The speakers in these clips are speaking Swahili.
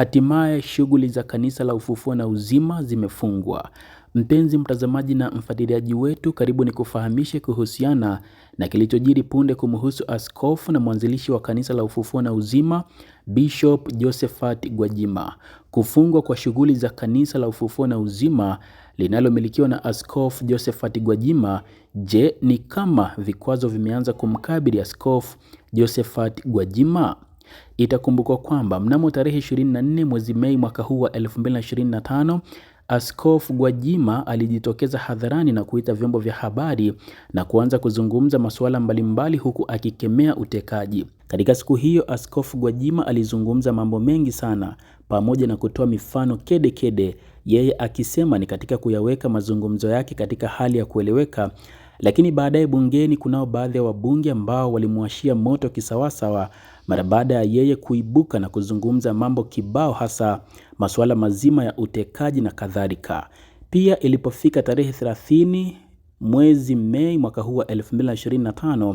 Hatimaye shughuli za kanisa la ufufuo na uzima zimefungwa. Mpenzi mtazamaji na mfuatiliaji wetu, karibu ni kufahamishe kuhusiana na kilichojiri punde kumhusu askofu na mwanzilishi wa kanisa la ufufuo na uzima Bishop Josephat Gwajima. Kufungwa kwa shughuli za kanisa la ufufuo na uzima linalomilikiwa na Askofu Josephat Gwajima. Je, ni kama vikwazo vimeanza kumkabili Askofu Josephat Gwajima? Itakumbukwa kwamba mnamo tarehe 24 mwezi Mei mwaka huu wa 2025 Askofu Gwajima alijitokeza hadharani na kuita vyombo vya habari na kuanza kuzungumza masuala mbalimbali huku akikemea utekaji. Katika siku hiyo, Askofu Gwajima alizungumza mambo mengi sana pamoja na kutoa mifano kede kede, yeye akisema ni katika kuyaweka mazungumzo yake katika hali ya kueleweka lakini baadaye bungeni kunao baadhi ya wabunge ambao walimwashia moto kisawasawa mara baada ya yeye kuibuka na kuzungumza mambo kibao, hasa masuala mazima ya utekaji na kadhalika. Pia ilipofika tarehe 30 mwezi Mei mwaka huu wa 2025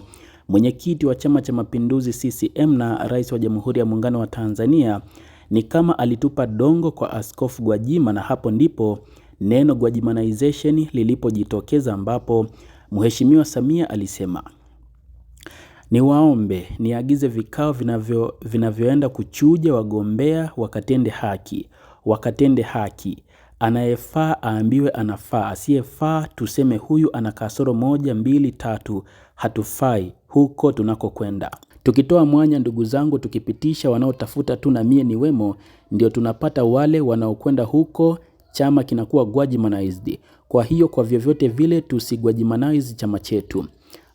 mwenyekiti wa Chama cha Mapinduzi CCM na rais wa Jamhuri ya Muungano wa Tanzania ni kama alitupa dongo kwa Askofu Gwajima, na hapo ndipo neno Gwajimanization lilipojitokeza ambapo Mheshimiwa Samia alisema, niwaombe niagize vikao vinavyo, vinavyoenda kuchuja wagombea wakatende haki, wakatende haki. Anayefaa aambiwe anafaa, asiyefaa tuseme huyu ana kasoro moja, mbili, tatu, hatufai huko tunakokwenda. Tukitoa mwanya, ndugu zangu, tukipitisha wanaotafuta tu na mie ni wemo ndio tunapata wale wanaokwenda huko, chama kinakuwa Gwaji Manaizi. Kwa hiyo kwa vyovyote vile tusigwajimanize chama chetu.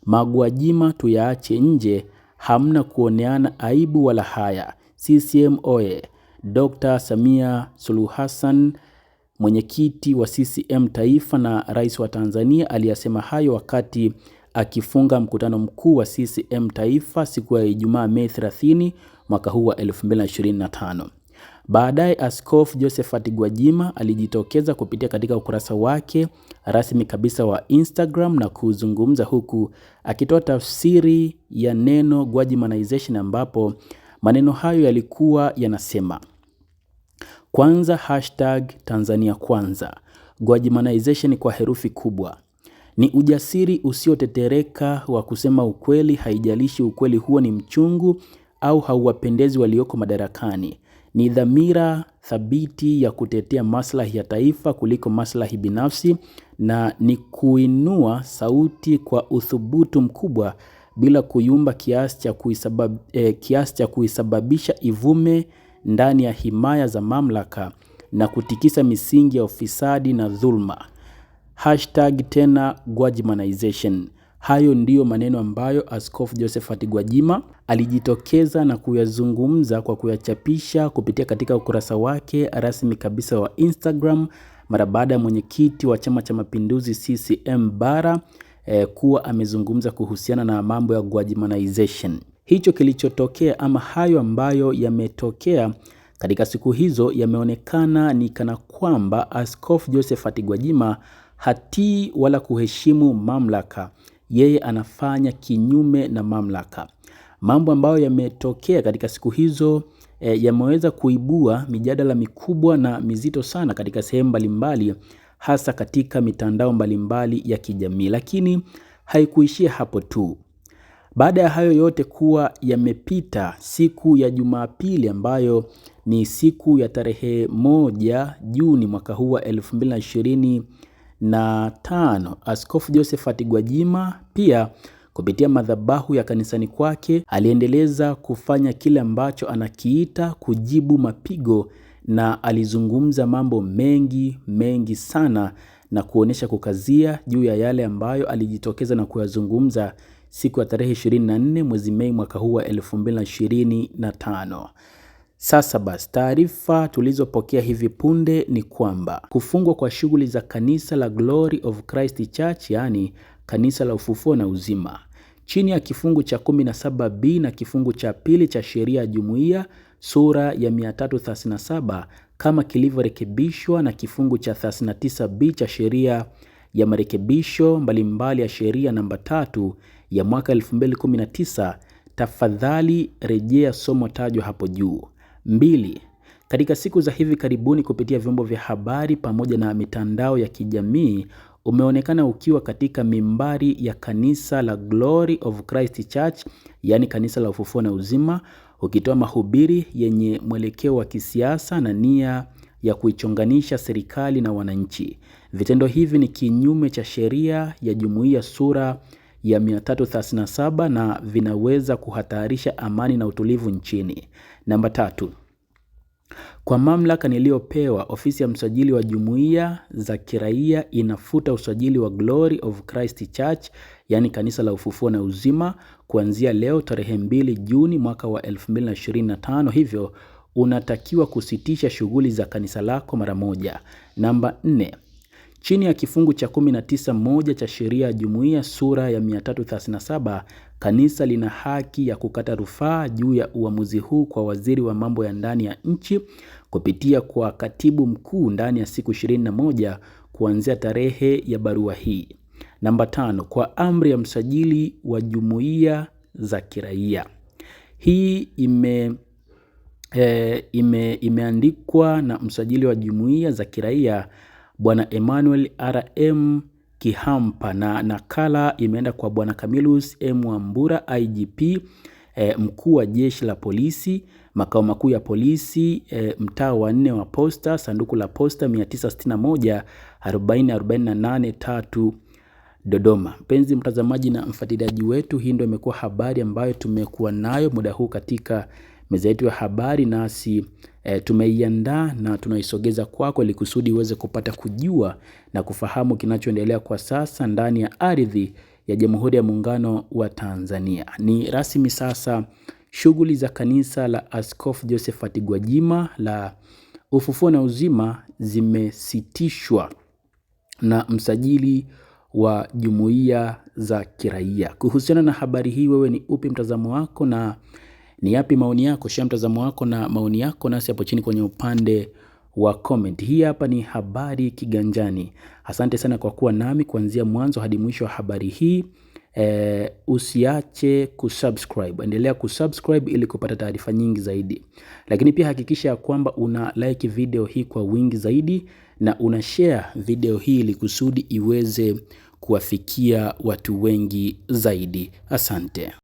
Magwajima tuyaache nje, hamna kuoneana aibu wala haya. CCM oye! Dr. Samia Suluhu Hassan mwenyekiti wa CCM taifa na rais wa Tanzania aliyasema hayo wakati akifunga mkutano mkuu wa CCM taifa siku ya Ijumaa Mei 30 mwaka huu wa 2025. Baadaye Askofu Josephat Gwajima alijitokeza kupitia katika ukurasa wake rasmi kabisa wa Instagram na kuzungumza huku akitoa tafsiri ya neno Gwajimanization ambapo maneno hayo yalikuwa yanasema: kwanza hashtag Tanzania kwanza, Gwajimanization kwa herufi kubwa ni ujasiri usiotetereka wa kusema ukweli, haijalishi ukweli huo ni mchungu au hauwapendezi walioko madarakani ni dhamira thabiti ya kutetea maslahi ya taifa kuliko maslahi binafsi na ni kuinua sauti kwa uthubutu mkubwa bila kuyumba kiasi cha kuisabab, eh, kiasi cha kuisababisha ivume ndani ya himaya za mamlaka na kutikisa misingi ya ufisadi na dhulma. Hashtag tena Gwajimanization. Hayo ndiyo maneno ambayo Askofu Josephat Gwajima alijitokeza na kuyazungumza kwa kuyachapisha kupitia katika ukurasa wake rasmi kabisa wa Instagram mara baada ya mwenyekiti wa Chama cha Mapinduzi CCM Bara eh, kuwa amezungumza kuhusiana na mambo ya Gwajimanization. Hicho kilichotokea ama hayo ambayo yametokea katika siku hizo yameonekana ni kana kwamba Askofu Josephat Gwajima hatii wala kuheshimu mamlaka yeye anafanya kinyume na mamlaka. Mambo ambayo yametokea katika siku hizo e, yameweza kuibua mijadala mikubwa na mizito sana katika sehemu mbalimbali, hasa katika mitandao mbalimbali ya kijamii. Lakini haikuishia hapo tu. Baada ya hayo yote kuwa yamepita, siku ya Jumapili ambayo ni siku ya tarehe moja Juni mwaka huu wa elfu mbili na ishirini na tano Askofu Josephat Gwajima pia kupitia madhabahu ya kanisani kwake aliendeleza kufanya kile ambacho anakiita kujibu mapigo, na alizungumza mambo mengi mengi sana na kuonesha kukazia juu ya yale ambayo alijitokeza na kuyazungumza siku ya tarehe 24 mwezi Mei mwaka huu wa 2025. Sasa basi, taarifa tulizopokea hivi punde ni kwamba kufungwa kwa shughuli za kanisa la Glory of Christ Church, yaani kanisa la ufufuo na uzima, chini ya kifungu cha 17b na kifungu cha pili cha sheria ya jumuiya sura ya 337 kama kilivyorekebishwa na kifungu cha 39b cha sheria ya marekebisho mbalimbali ya sheria namba tatu ya mwaka 2019. Tafadhali rejea somo tajwa hapo juu. Mbili, katika siku za hivi karibuni kupitia vyombo vya habari pamoja na mitandao ya kijamii umeonekana ukiwa katika mimbari ya kanisa la Glory of Christ Church, yaani kanisa la ufufuo na uzima, ukitoa mahubiri yenye mwelekeo wa kisiasa na nia ya kuichonganisha serikali na wananchi. Vitendo hivi ni kinyume cha sheria ya jumuiya sura ya 337 na vinaweza kuhatarisha amani na utulivu nchini. Namba tatu, kwa mamlaka niliyopewa, ofisi ya msajili wa jumuiya za kiraia inafuta usajili wa Glory of Christ Church, yaani kanisa la ufufuo na uzima, kuanzia leo tarehe 2 Juni mwaka wa 2025. Hivyo unatakiwa kusitisha shughuli za kanisa lako mara moja. Namba nne, chini ya kifungu cha 19.1 cha sheria ya jumuiya sura ya 337, kanisa lina haki ya kukata rufaa juu ya uamuzi huu kwa waziri wa mambo ya ndani ya nchi kupitia kwa katibu mkuu ndani ya siku 21 kuanzia tarehe ya barua hii. Namba tano, kwa amri ya msajili wa jumuiya za kiraia. Hii ime E, ime, imeandikwa na msajili wa jumuiya za kiraia Bwana Emmanuel RM Kihampa, na nakala imeenda kwa Bwana Camillus M Wambura IGP e, eh, mkuu wa jeshi la polisi makao makuu ya polisi e, mtaa wa nne wa posta, sanduku la posta 9614483 Dodoma. Mpenzi mtazamaji na mfuatiliaji wetu, hii ndio imekuwa habari ambayo tumekuwa nayo muda huu katika Meza yetu ya habari nasi e, tumeiandaa na tunaisogeza kwako ili kusudi uweze kupata kujua na kufahamu kinachoendelea kwa sasa ndani ya ardhi ya Jamhuri ya Muungano wa Tanzania. Ni rasmi sasa shughuli za kanisa la Askofu Josephat Gwajima la Ufufuo na Uzima zimesitishwa na msajili wa jumuiya za kiraia. Kuhusiana na habari hii, wewe ni upi mtazamo wako na ni yapi maoni yako? Shia mtazamo wako na maoni yako nasi hapo chini kwenye upande wa comment. Hii hapa ni habari kiganjani. Asante sana kwa kuwa nami kuanzia mwanzo hadi mwisho wa habari hii. E, usiache kusubscribe, endelea kusubscribe ili kupata taarifa nyingi zaidi, lakini pia hakikisha ya kwamba una like video hii kwa wingi zaidi na una share video hii ili kusudi iweze kuwafikia watu wengi zaidi. Asante.